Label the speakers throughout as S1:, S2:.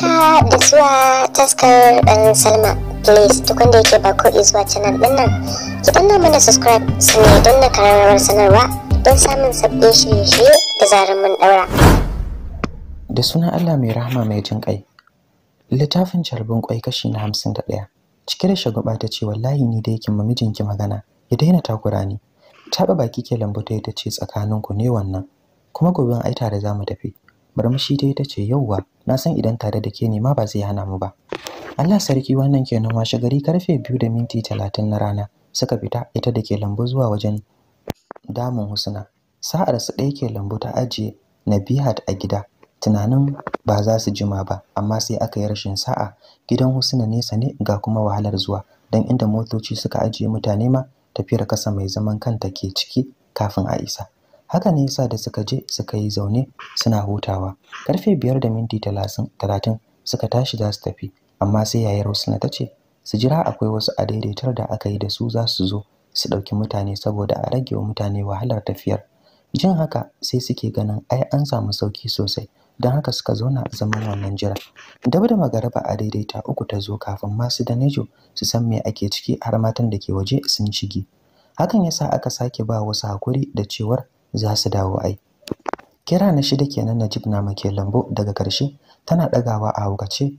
S1: haka da zuwa taskar dan salma please duk wanda yake ba ko zuwa canal din nan ki danna mana subscribe su ne don na kararrawar sanarwa don samun sabbin shirye-shirye da zarar mun daura da sunan allah mai rahama mai jin kai littafin carbin kwai kashi na hamsin da ɗaya cike da shagwaba ta ce wallahi ni da yake mijinki magana ya daina takura ni taɓa baki ke lambata ta ce tsakaninku ne wannan kuma gobe an aita da za mu tafi murmushi dai ta ce yauwa na san idan tare da ke ne ma ba zai hana mu ba Allah sarki wannan kenan washe gari karfe biyu da minti talatin na rana suka fita ita da ke lambu zuwa wajen damun husna sa'ar su ɗaya ke lambu ta ajiye bihat a gida tunanin ba za su jima ba amma sai aka yi rashin sa'a gidan husna nesa ne ga kuma wahalar zuwa don inda motoci suka ajiye mutane ma tafiyar kasa mai zaman kanta ke ciki kafin a isa haka ne yasa da suka je suka yi zaune suna hutawa karfe biyar da minti talatin suka tashi za su tafi amma sai yayar Husna ta ce su jira akwai wasu a daidaitar da aka yi da su za su zo su ɗauki mutane saboda a rage wa mutane wahalar tafiyar jin haka sai suke ganin ai an samu sauki sosai don haka suka zauna a zaman wannan jira da da magaraba a daidaita uku ta zo kafin masu da nejo su san me ake ciki har matan da ke waje sun shige hakan yasa aka sake ba wasu hakuri da cewar za su dawo ai kira na shida kenan Najib na make lambo daga karshe tana dagawa a hukace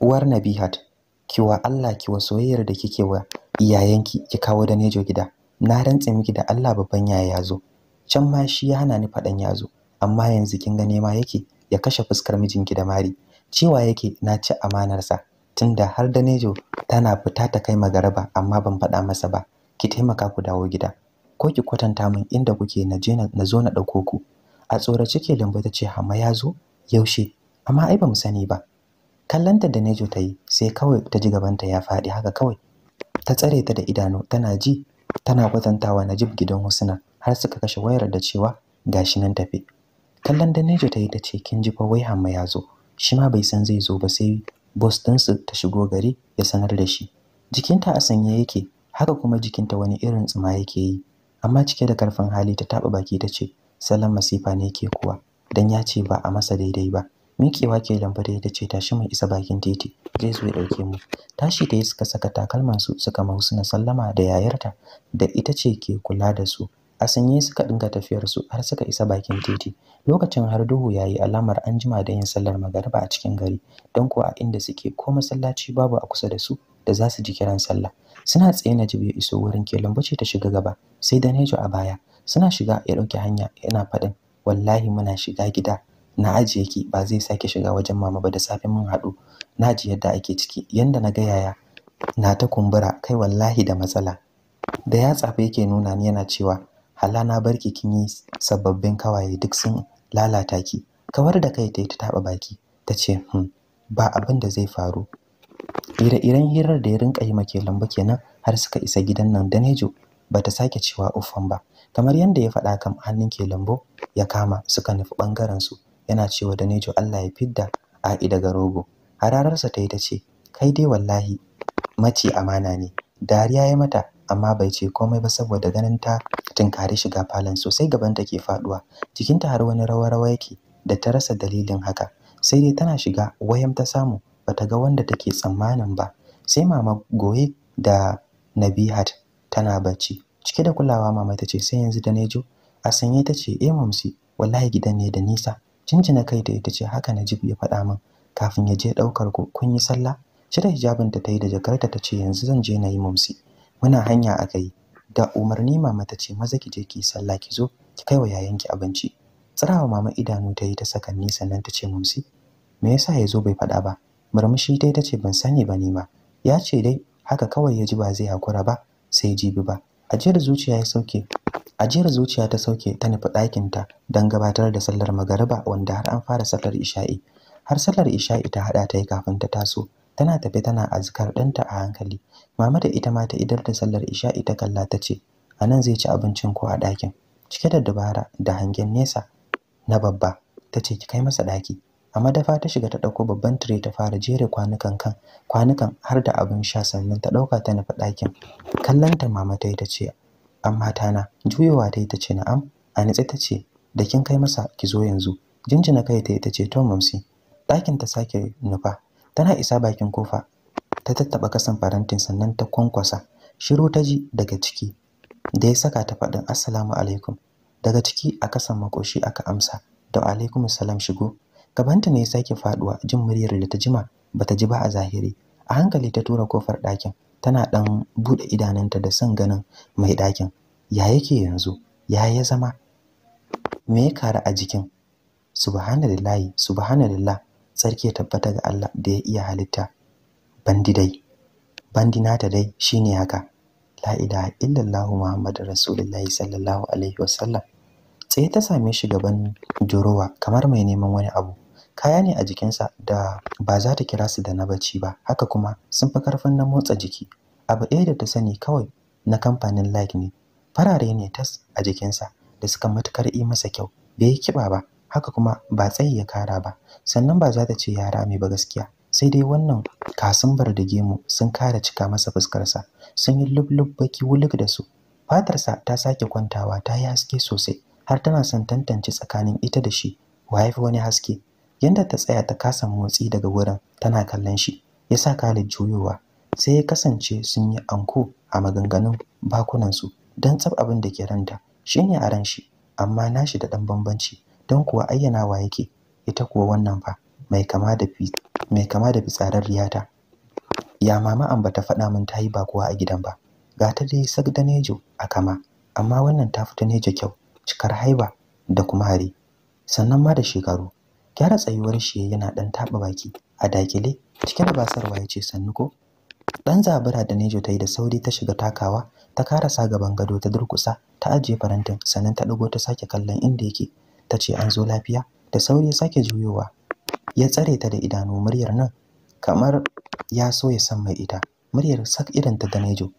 S1: uwar Nabihat kiwa Allah kiwa soyayyar da kike wa iyayenki ki kawo da nejo gida na rantse miki da Allah babban yaya yazo can ma shi ya hana ni fadan yazo amma yanzu kin ga nema yake ya kashe fuskar mijinki da mari cewa yake na ci amanarsa tunda har da nejo tana fita ta kai magaraba amma ban faɗa masa ba ki taimaka ku dawo gida ko ki kwatanta min inda kuke na je na zo na ɗauko ku a tsorace ke lambu ta ce hama ya zo yaushe amma ai ba mu sani ba kallanta da nejo ta yi sai kawai ta ji gabanta ya faɗi haka kawai ta tsare ta da idanu tana ji tana kwatantawa najib gidan husna har suka kashe wayar da cewa gashi nan tafi kallon da nejo ta yi ta ce kin ji fa wai hamma ya zo shi ma bai san zai zo ba sai bos ɗinsu ta shigo gari ya sanar da shi jikinta a sanye yake haka kuma jikinta wani irin tsima yake yi amma cike da karfin hali ta taba baki ta ce salon masifa ne ke kuwa dan ya ce ba a masa daidai ba miƙewa ke da ta ce tashi mu isa bakin titi zai zo ya ɗauke mu tashi da suka saka takalman su suka mausu na sallama da yayarta da ita ce ke kula da su a sanye suka dinga tafiyar su har suka isa bakin titi lokacin har duhu yayi alamar an jima da yin sallar magariba a cikin gari don kuwa a inda suke ko masallaci babu a kusa da su da za su ji kiran sallah suna tsaye na ya iso wurin ke lambuci ta shiga gaba sai da nejo a baya suna shiga ya dauke hanya yana faɗin wallahi muna shiga gida na ajiye ki ba zai sake shiga wajen mama ba da safe mun haɗu na ji yadda ake ciki yanda na ga yaya na ta kumbura kai wallahi da matsala da ya tsafa yake nuna ni yana cewa hala na barki kin yi sababbin kawaye duk sun lalata ki kawar da kai ta yi ta taɓa baki ta ce hmm ba abin da zai faru ire-iren hirar da ya rinka yi make lamba kenan har suka isa gidan nan danejo ba ta sake cewa uffan ba kamar yadda ya faɗa kan hannun ke lambu ya kama suka nufi ɓangaren su yana cewa danejo allah ya fidda A ida daga rogo hararsa ta yi ta ce kai dai wallahi mace amana ne dariya ya mata amma bai ce komai ba saboda ganin ta tunkari shiga falon sosai gaban ta ke faduwa jikinta har wani rawa-rawa yake da ta rasa dalilin haka sai dai tana shiga wayam ta samu bata ga wanda take tsammanin ba sai mama goye da nabihat tana bacci cike da kulawa mama ta ce sai yanzu da nejo a sanye ta ce eh mamsi wallahi gidan ne da nisa jinjina kai da ita ce haka na najib ya faɗa min kafin ya je ɗaukar ku kun yi sallah cire hijabin ta yi da jakarta ta ce yanzu zan je na yi mamsi muna hanya a kai da umarni mama ta ce maza ki je ki sallah ki zo ki kai wa yayanki abinci tsirawa mama idanu ta yi ta sakanni sannan ta ce mamsi me yasa ya zo bai faɗa ba murmushi dai ta ce ban sani ba ni ma ya ce dai haka kawai ya ji ba zai hakura ba sai jibi ba ajiyar zuciya ya sauke ajiyar zuciya ta sauke ta nufi ɗakin ta don gabatar da sallar magariba wanda har an fara sallar isha'i har sallar isha'i ta haɗa ta yi kafin ta taso tana tafe tana azkar ɗinta a hankali mama da ita ma ta idar da sallar isha'i ta kalla ta ce a nan zai ci abincin ko a ɗakin cike da dabara da hangen nesa na babba ta ce ki kai masa ɗaki a madafa ta shiga ta ɗauko babban tire ta fara jere kwanukan kan kwanukan har da abin sha sannan ta ɗauka ta nufi ɗakin kallon ta mama ta yi ta ce amma tana juyowa ta yi ta ce na'am a nitse ta ce da kin kai masa ki zo yanzu jinjina kai ta yi ta ce to mamsi ɗakin ta sake nufa tana isa bakin kofa ta tattaɓa kasan farantin sannan ta kwankwasa shiru ta ji daga ciki da ya saka ta faɗin assalamu alaikum daga ciki a kasan makoshi aka amsa da alaikum salam shigo gabanta ne ya sake faduwa jin muryar da ta jima bata ji ba a zahiri a hankali ta tura kofar ɗakin tana dan bude idananta da son ganin mai ɗakin ya yake yanzu ya ya zama me ya kare a jikin subhanallahi subhanallah sarki ya tabbata ga Allah da ya iya halitta bandi dai bandi nata dai shine haka la ilaha illallah muhammadur Rasulullah sallallahu alaihi wasallam sai ta same shi gaban jurowa kamar mai neman wani abu kaya ne a jikinsa da ba za ta kira su da na bacci ba haka kuma sun fi karfin na motsa jiki abu ɗaya da ta sani kawai na kamfanin like ne farare ne tas a jikinsa da suka matukar yi masa kyau bai yi kiba ba haka kuma ba tsayi ya kara ba sannan ba za ta ce yara mai ba gaskiya sai dai wannan kasimbar da gemu sun kara cika masa fuskarsa sun yi lublub baki wuluk da su fatarsa ta sake kwantawa ta yi haske sosai har tana son tantance tsakanin ita da shi wa haifi wani haske yanda ta tsaya ta kasa motsi daga wurin tana kallon shi yasa Khalid juyowa sai ya kasance sun yi anko a maganganun bakunansu don tsab abin da ke ranta shine a ran shi amma nashi da ɗan bambanci don kuwa ayyana wa yake ita kuwa wannan fa mai kama da mai kama da fitsarar riyata ya mama an bata faɗa min ta yi bakuwa a gidan ba ga ta dai nejo a kama amma wannan ta fita nejo kyau cikar haiba da kuma hari sannan ma da shekaru gyara tsayuwar shi yana dan taba baki a dakile cike da basarwa ya ce sannu ko dan zabura da nejo ta yi da sauri ta shiga takawa ta karasa gaban gado ta durkusa ta ajiye farantin sannan ta ɗago ta sake kallon inda yake ta ce an zo lafiya da sauri ya sake juyowa ya tsare ta da idanu muryar nan kamar ya so ya san mai ita muryar sak irin ta da nejo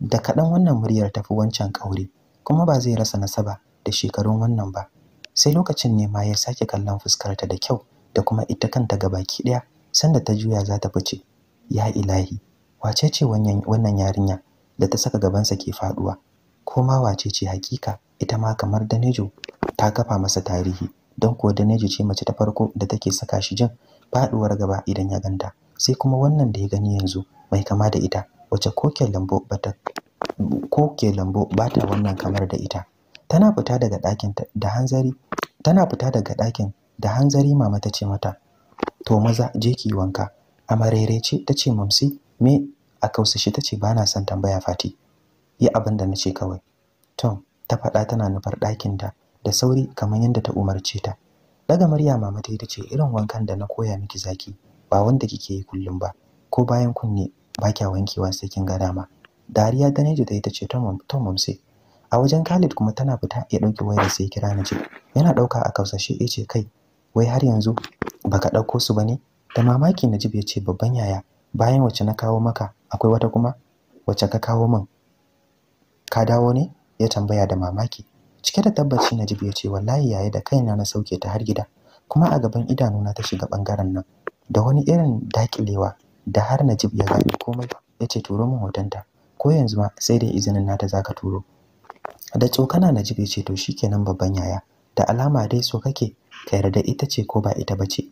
S1: da kaɗan wannan muryar tafi wancan kauri kuma ba zai rasa nasaba da shekarun wannan ba sai lokacin ne ma ya sake kallon fuskarta da kyau da kuma ita kanta baki daya sanda ta juya za ta fice ya ilahi wace ce wannan yarinya da ta saka gabansa ke faduwa ko ma wace ce hakika ita ma kamar Danejo ta kafa masa tarihi don ko Danejo ce mace ta farko da take saka shi jin faduwar gaba idan ya ganta sai kuma wannan da ya gani yanzu mai kama da ita wace koke lambo bata ko lambo bata wannan kamar da ita tana fita daga ɗakin da hanzari tana fita daga ɗakin da hanzari mama ta ce mata to maza je ki wanka amarere ce ta ce mamsi me a kausashi ta ce ba na son tambaya fati yi abin da na ce kawai tom ta faɗa tana nufar ɗakin da da sauri kamar yadda ta umarce ta daga murya mama ta ce irin wankan da na koya miki zaki ba wanda kike yi kullum ba ko bayan kunne ba kya wankewa sai kin ga dama dariya ta ne da ita ce ta mamsi a wajen Khalid kuma tana fita ya dauki wayar sai kira na ji yana dauka a kausashe ya kai wai har yanzu baka dauko su bane da mamaki Najib ya ce babban yaya bayan wacce na kawo maka akwai wata kuma wacce ka kawo min ka dawo ne ya tambaya da mamaki cike da tabbaci Najib ya ce wallahi yaya da kaina na sauke ta har gida kuma a gaban idanuna ta shiga bangaren nan da wani irin dakilewa da har Najib ya gane komai ya ce turo min hotonta ko yanzu ma sai da izinin nata zaka turo da tsokana na jibe ce to shikenan babban yaya da alama dai so kake ka yarda ita ce ko ba ita bace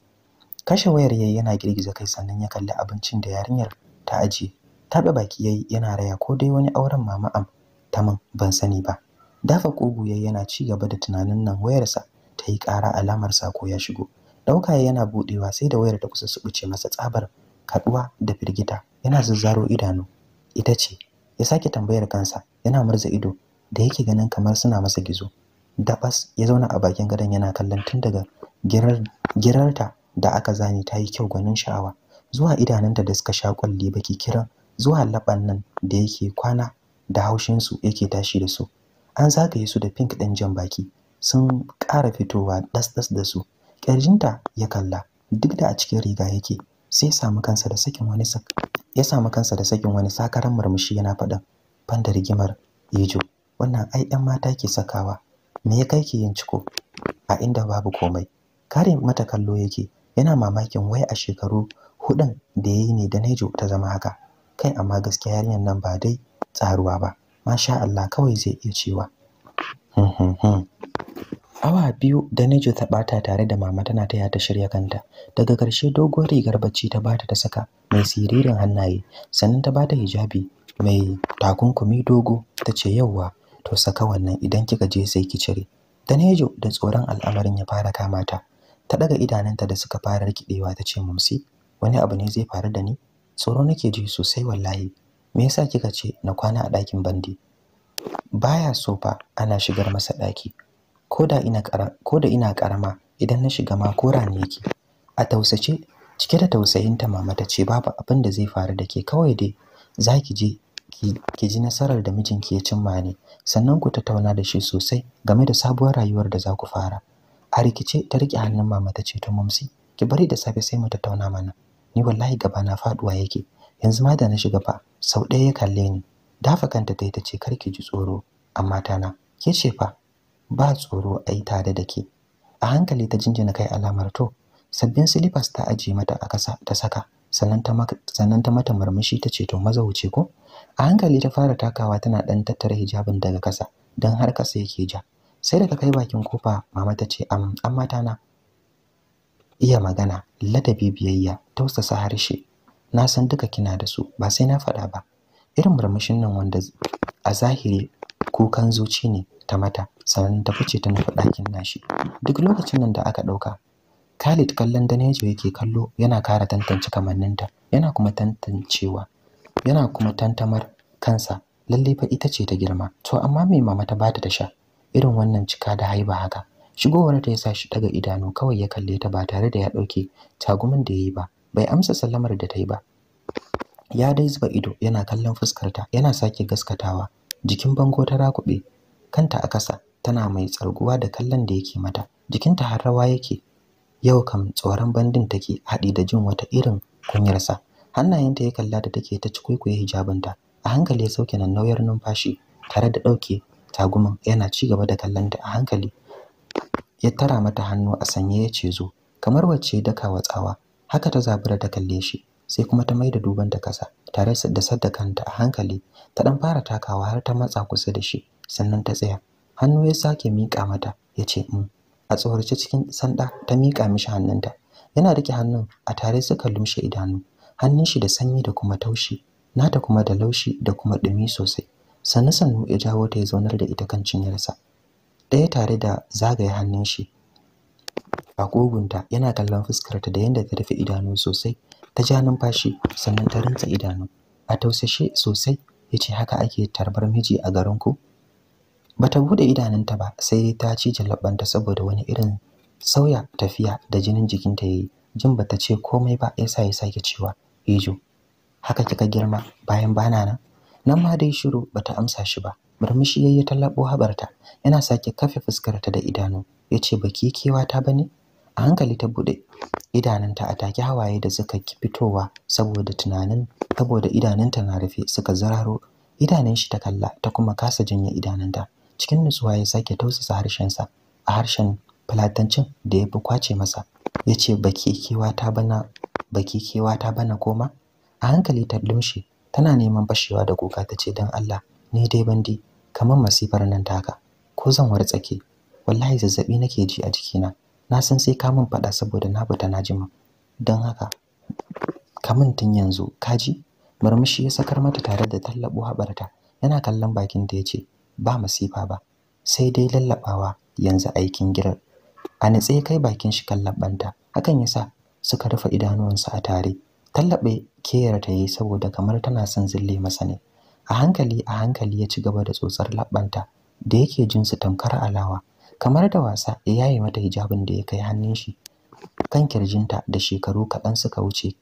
S1: kashe wayar yayi yana girgiza kai sannan ya kalli abincin da yarinyar ta aje taɓa baki yayi yana raya ko dai wani auren mama am ta min ban sani ba dafa kugu yayi yana ci gaba da tunanin nan wayarsa ta yi ƙara alamar sako ya shigo ɗauka yana buɗewa sai da wayar ta kusa su buce masa tsabar kaɗuwa da firgita yana zazzaro idanu ita ce ya sake tambayar kansa yana murza ido da yake ganin kamar suna masa gizo dabas ya zauna a bakin gadon yana kallon tun daga girarta da aka zani ta yi kyau gwanin sha'awa zuwa idanunta da suka sha kwalli baki kiran zuwa laban nan da yake kwana da haushinsu yake tashi da su an zagaye su da pink ɗin jan baki sun ƙara fitowa ɗas-ɗas da su ƙirjinta ya kalla duk da a cikin riga yake sai samu kansa da sakin wani ya samu kansa da sakin wani sakaran murmushi yana faɗin ban da rigimar ijo wannan ai mata ke sakawa me ya kai ke yin ciko a inda babu komai kare mata kallo yake yana mamakin wai a shekaru hudun da yayi ne da Nejo ta zama haka kai amma gaskiya yarinyar nan ba dai tsaruwa ba masha Allah kawai zai iya cewa hmm, hmm, hmm. awa biyu da Nejo ta bata tare da mama tana taya ta shirya kanta daga karshe doguwar rigar bacci ta bata ta saka mai siririn hannaye sannan ta bata hijabi mai takunkumi dogo ta ce yauwa to saka wannan idan kika je sai ki cire danejo da tsoron al'amarin ya fara kama ta ta daga idananta da suka fara rikidewa ta ce mumsi wani abu ne zai faru da ni tsoro nake ji sosai wallahi me yasa kika ce na kwana a ɗakin bandi baya so fa ana shigar masa ɗaki Ko ina da ina karama idan na shiga ma kora ne yake a tausace cike da tausayinta mama ta ce babu abin da zai faru da ke kawai dai zaki je ki ji nasarar da mijinki ya cimma ne sannan ku tattauna da shi sosai game da sabuwar rayuwar da za ku fara a rikice ta rike hannun mama ta ce to mamsi ki bari da safe sai mu tattauna mana ni wallahi gaba na faduwa yake yanzu ma da na shiga fa sau ɗaya ya kalle ni dafa kanta ta yi ta ce kar ki ji tsoro amma tana ke ce fa ba tsoro ai tare da ke a hankali ta jinjina kai alamar to sabbin silifas ta ajiye mata a kasa ta saka sannan ta mata murmushi ta ce to maza wuce ko a hankali ta fara takawa tana dan tattara hijabin daga kasa dan har kasa yake ja sai daga kai bakin kofa mama ta ce am mata na iya magana ladabi biyayya tausasa harshe na san duka kina da su ba sai na faɗa ba irin murmushin nan wanda a zahiri kukan zuci ne ta mata sannan ta fice ta nufi ɗakin nashi duk lokacin nan da aka ɗauka Khalid kallon Danejo yake kallo yana kara tantance kamanninta yana kuma tantancewa yana kuma tantamar kansa lalle fa ita ce ta girma to amma me mama ta bata ta sha irin wannan cika da haiba haka shigowar ta yasa shi daga idanu kawai ya kalle ta ba tare da ya dauke tagumin da yayi ba bai amsa sallamar da ta yi ba ya dai zuba ido yana kallon fuskar ta yana sake gaskatawa jikin bango ta rakube kanta a kasa tana mai tsarguwa da kallon da yake mata jikinta har rawa yake Yau kam tsoron bandin take haɗi da jin wata irin kunyarsa. Hannayenta ya kalla da take ta cikuikuye hijabinta. A hankali ya sauke nan nauyar numfashi tare da ɗauke taguman yana ci gaba da kallon ta a hankali. Ya tara mata hannu a sanye ya ce zo. Kamar wacce dakawa tsawa haka ta zabura ta kalle shi sai kuma ta maida duban ta kasa tare da sadda kanta a hankali ta ɗan fara takawa har ta matsa kusa da shi sannan ta tsaya hannu ya sake mika mata ya ce mm. a tsorace cikin sanda ta miƙa mishi hannunta yana rike hannun a tare suka lumshe idanu hannun shi da sanyi da kuma taushi nata kuma da laushi da kuma ɗumi sosai sannu sannu ya jawo ta ya zaunar da ita kan cinyarsa ɗaya tare da zagaye hannun shi a kogunta yana kallon fuskarta da yadda ta rufe idanu sosai ta ja numfashi sannan ta rinta idanu a tausashe sosai ya ce haka ake tarbar miji a garinku bata bude idanunta ba sai dai ta ci jallabanta saboda wani irin sauya tafiya da jinin jikinta yayi jin bata ce komai ba yasa ya sake cewa Ijo haka kika girma bayan bana nan nan ma dai shiru bata amsa shi ba murmushi yayi ta labo habarta yana sake kafe fuskarta da idanu yace baki kewa ta bane a hankali ta bude idanunta a take hawaye da suka fitowa saboda tunanin saboda idanunta na rufe suka zararo idanun shi ta kalla ta kuma kasa janye idanunta cikin nutsuwa ya sake tausasa harshensa a harshen fulatancin da ya fi kwace masa ya ce baki kewa ta bana koma a hankali ta lumshe tana neman bashewa da kuka ta ce don Allah ni dai bandi kamar masifar nan taka ko zan wartsake wallahi zazzabi nake ji a jikina na san sai ka min faɗa saboda na fita na jima don haka kamun tun yanzu kaji murmushi ya sakar mata tare da tallabo haɓarta yana kallon bakin da ya ce ba masifa ba sai dai lallabawa yanzu aikin girar a nitse kai bakin shi kan labbanta hakan yasa suka rufe idanuwansu a tare tallabe kera ta yi saboda kamar tana son zille masa ne a hankali a hankali ya ci gaba da tsotsar labbanta da yake jin su tamkar alawa kamar da wasa ya yaye mata hijabin da ya kai hannun shi kan kirjinta da shekaru kaɗan suka wuce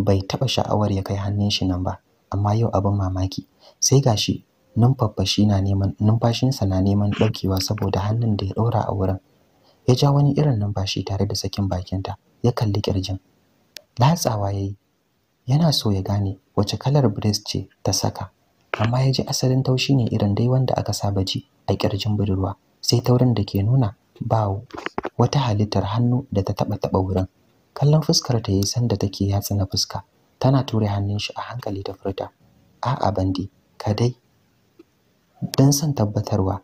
S1: bai taɓa sha'awar ya kai hannun shi nan ba amma yau abin mamaki sai gashi numfashi na neman numfashinsa na neman ɗaukewa saboda hannun da ya daura a wurin ya ja wani irin numfashi tare da sakin bakinta ya kalli kirjin latsawa yayi yana so ya gane wace kalar breast ce ta saka amma ya ji asalin taushi ne irin dai wanda aka saba ji a kirjin budurwa sai taurin da ke nuna ba wata halittar hannu da ta taba taba wurin kallon fuskar ta yayi sanda take yatsa na fuska tana ture hannun shi a hankali ta furta a'a bandi ka dai don son tabbatarwa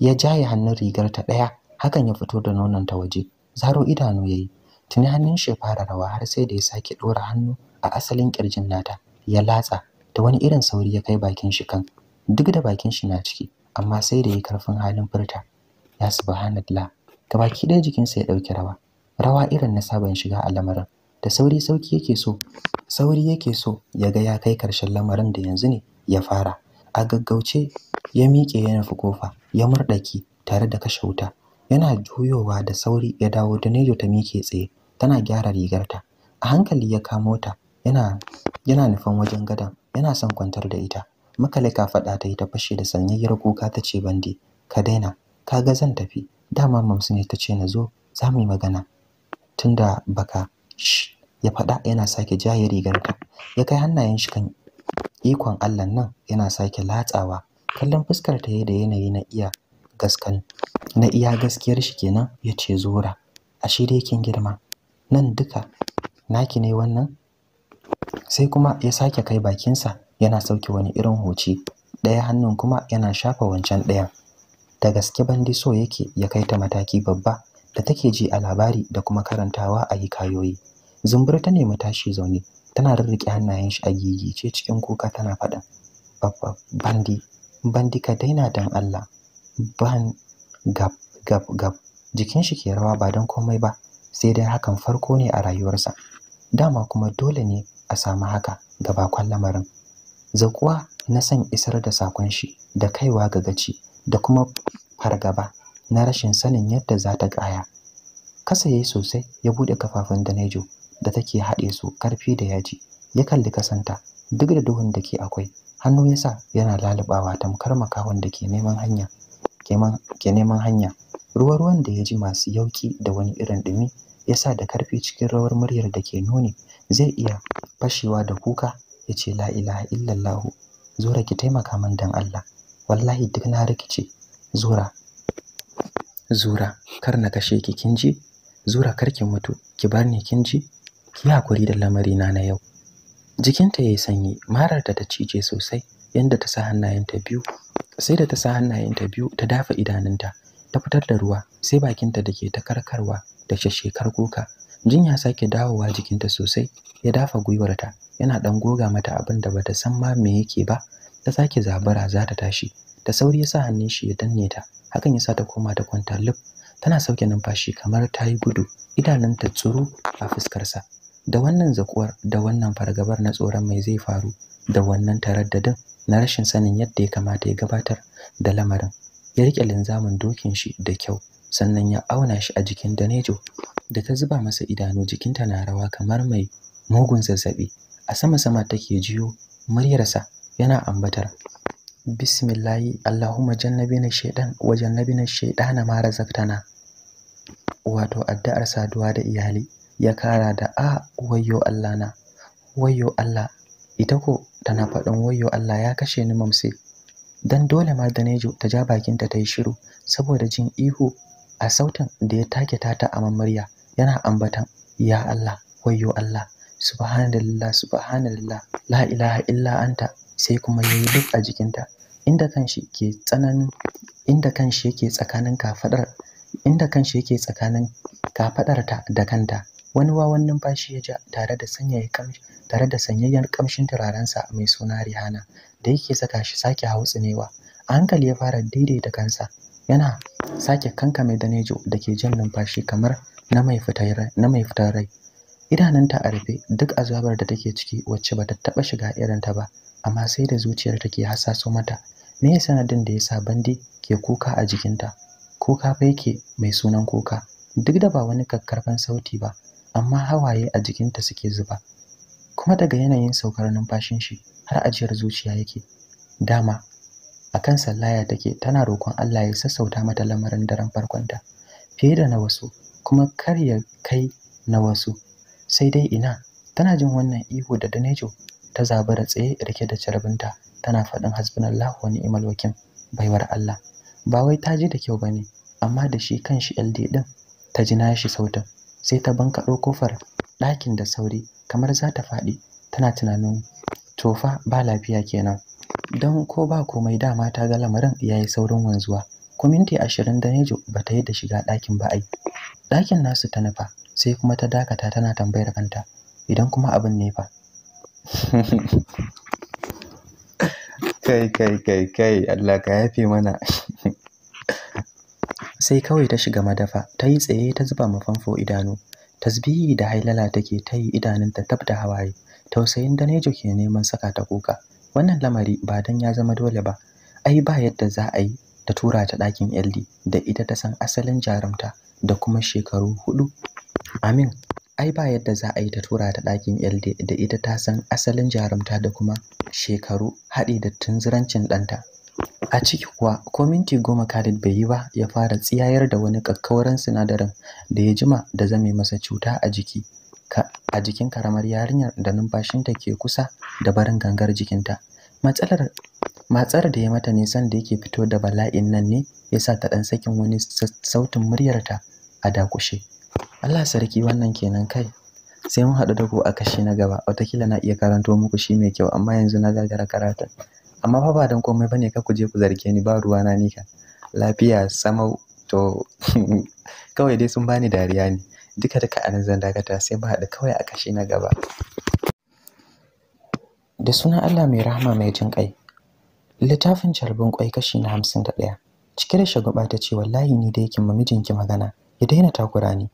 S1: ya jaye hannun rigar ta ɗaya hakan ya fito da nonon ta waje zaro idanu ya yi tuni hannun shi fara rawa har sai da ya sake ɗora hannu a asalin ƙirjin nata ya latsa da wani irin sauri ya kai bakin shi kan duk da bakin shi na ciki amma sai da ya karfin halin furta ya subhanallah gabaki ɗaya jikinsa ya ɗauki rawa rawa irin na saban shiga a lamarin da sauri sauki yake so sauri yake so ya ga ya kai karshen lamarin da yanzu ne ya fara a gaggauce ya miƙe ya nufi kofa ya murɗaki tare da kashe wuta yana juyowa da sauri ya dawo nejo ta miƙe tsaye tana gyara rigarta a hankali ya kamo ta yana yana nufan wajen gadon yana son kwantar da ita makalika faɗa ta yi ta fashe da sanyayyar kuka ta ce bande ka daina ka ga zan tafi dama mamsu ne ta ce na zo za mu yi magana tunda baka ya faɗa yana sake jaye rigarta ya kai hannayen shi kan ikon Allah nan yana sake latsawa kallon fuskar ta da yanayi na iya gaskan na iya gaskiyar shi kenan ya ce zora shi dai kin girma nan duka naki ne wannan sai kuma ya sake kai bakinsa yana sauke wani irin hoci ɗaya hannun kuma yana shafa wancan ɗayan da gaske bandi so yake ya kai ta mataki babba da take ji a labari da kuma karantawa a hikayoyi zumbur ta nemi tashi zaune tana rirriƙe hannayen shi a gigice cikin kuka tana faɗa bandi bandi ka daina dan Allah ban gab gab gab jikin shi ke rawa ba don komai ba sai dai hakan farko ne a rayuwarsa dama kuma dole ne a samu haka ga bakon lamarin zakuwa na san isar da sakon shi da kaiwa ga gaci da kuma fargaba na rashin sanin yadda za ta kaya kasa yayi sosai ya buɗe kafafun danejo da take haɗe su ƙarfi da yaji ya kalli kasanta duk da duhun da ke akwai hannu ya sa yana lalubawa tamkar makawan da ke neman hanya ke hanya ruwa ruwan da ya ji masu yauki da wani irin ɗumi ya sa da karfi cikin rawar muryar da ke nuni zai iya fashewa da kuka ya ce la illallahu zura ki taimaka min dan Allah wallahi duk na rikice zura zura kar na kashe ki kin zura kar ki mutu ki bar ni kin ki hakuri da lamari na yau jikinta ya yi sanyi marar ta ta cije sosai yadda ta sa hannayenta biyu sai da ta sa hannayenta biyu ta dafa idanunta ta fitar da ruwa sai bakinta da ke ta karkarwa da shashekar kuka jin ya sake dawowa jikinta sosai ya dafa gwiwarta yana dan goga mata abin da bata san ma me yake ba ta sake zabara za ta tashi ta sauri ya sa hannun shi ya danne ta hakan ya sa ta koma ta kwanta lif tana sauke numfashi kamar ta yi gudu idanunta tsuru a fuskarsa da wannan zakuwar da wannan fargabar na tsoron mai zai faru da wannan taraddadin na rashin sanin yadda ya kamata ya gabatar da lamarin ya rike linzamin dokin shi da kyau sannan ya auna shi a jikin Danejo da ta zuba masa idanu jikinta na rawa kamar mai mugun zazzabi a sama sama take jiyo muryarsa yana ambatar bismillahi allahumma jannabina shaydan wa jannabina shaydana ma wato addu'ar saduwa da iyali ya kara da a wayyo Allah na wayyo Allah ita ko tana faɗin wayyo Allah ya kashe ni mamse dan dole ma Danejo ta ja bakinta ta yi shiru saboda jin ihu a sautin da ya take tata a mamarya yana ambatan ya Allah wayyo Allah subhanallah subhanallah la ilaha illa anta sai kuma yayi duk a jikinta inda kanshi ke tsananin inda kanshi yake tsakanin kafadar inda kanshi yake tsakanin kafadarta da kanta wani wawan numfashi ya ja tare da sanyaya tare da sanyayyen kamshin turarensa mai suna Rihanna da yake saka shi sake hautsinewa a hankali ya fara daidaita kansa yana sake kanka mai danejo da ke jan numfashi kamar na mai fitar na mai fitar rai idananta a rufe duk azabar da take ciki wacce bata taɓa shiga irin ta ba amma sai da zuciyar take hasaso mata me ya sanadin da yasa bandi ke kuka a jikinta kuka fa yake mai sunan kuka duk da ba wani kakkarfan sauti ba amma hawaye a jikinta suke zuba kuma daga yanayin saukar numfashin shi har ajiyar zuciya yake dama akan sallaya take tana roƙon Allah ya sassauta mata lamarin daren farkonta fiye da na wasu kuma kar ya kai na wasu sai dai ina tana jin wannan ihu da danejo ta zabara tsaye rike da carbinta tana faɗin hasbunallahu wa ni'mal wakil baiwar Allah ba wai ta ji da kyau bane amma da shi kan shi LD din ta ji nashi sautin sai ta bankaɗo kofar ɗakin da sauri kamar za ta faɗi tana tunanin tofa ba lafiya kenan don ko ba komai dama ta ga lamarin ya yi saurin wanzuwa ko minti ashirin da nejo ba ta yi da shiga ɗakin ba ai ɗakin nasu ta nufa sai kuma ta dakata tana tambayar kanta idan kuma abin ne fa kai kai kai kai Allah ka yafe mana sai kawai ta shiga madafa ta yi tsaye ta zuba ma famfo idanu tasbihi da hailala take ta yi idanunta tab da hawaye tausayin danejo ke neman saka ta kuka wannan lamari ba dan ya zama dole ba ai ba yadda za a yi ta tura ta ɗakin LD da ita ta san asalin jarumta da kuma shekaru hudu amin ai ba yadda za a yi ta tura ta ɗakin LD da ita ta san asalin jarumta da kuma shekaru haɗi da tunzurancin ɗanta a ciki kuwa ko goma Khalid bai yi ba ya fara tsiyayar da wani kakkauran sinadarin da ya jima da zame masa cuta a jiki a jikin karamar yarinyar da numfashinta ke kusa da barin gangar jikinta matsalar matsar da ya mata nisan da yake fito da bala'in nan ne ya sa ta ɗan sakin wani sautin muryarta a dakushe Allah sarki wannan kenan kai sai mun haɗu da ku a kashi na gaba watakila na iya karanto muku shi mai kyau amma yanzu na gagara karatun amma fa ba dan komai bane ka ku je ku zarge ni ba ruwa na nika lafiya sama to kawai dai sun bani dariya ne duka da ka'anin nan zan dakata sai ba da kawai a kashi na gaba da sunan Allah mai rahama mai jin kai littafin charbin kwai kashi na hamsin da ɗaya cike da shagwaba ta ce wallahi ni da yake mijinki magana ya daina takura ni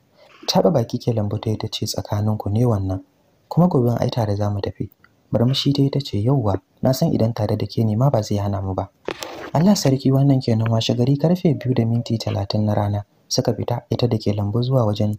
S1: taɓa baki ke lambata ta ce tsakaninku ne wannan kuma gobe an aita da mu tafi murmushi dai ta ce yauwa na san idan tare da ke ne ba zai hana mu ba Allah sarki wannan kenan washe gari karfe biyu da minti talatin na rana suka fita ita da ke lambu zuwa wajen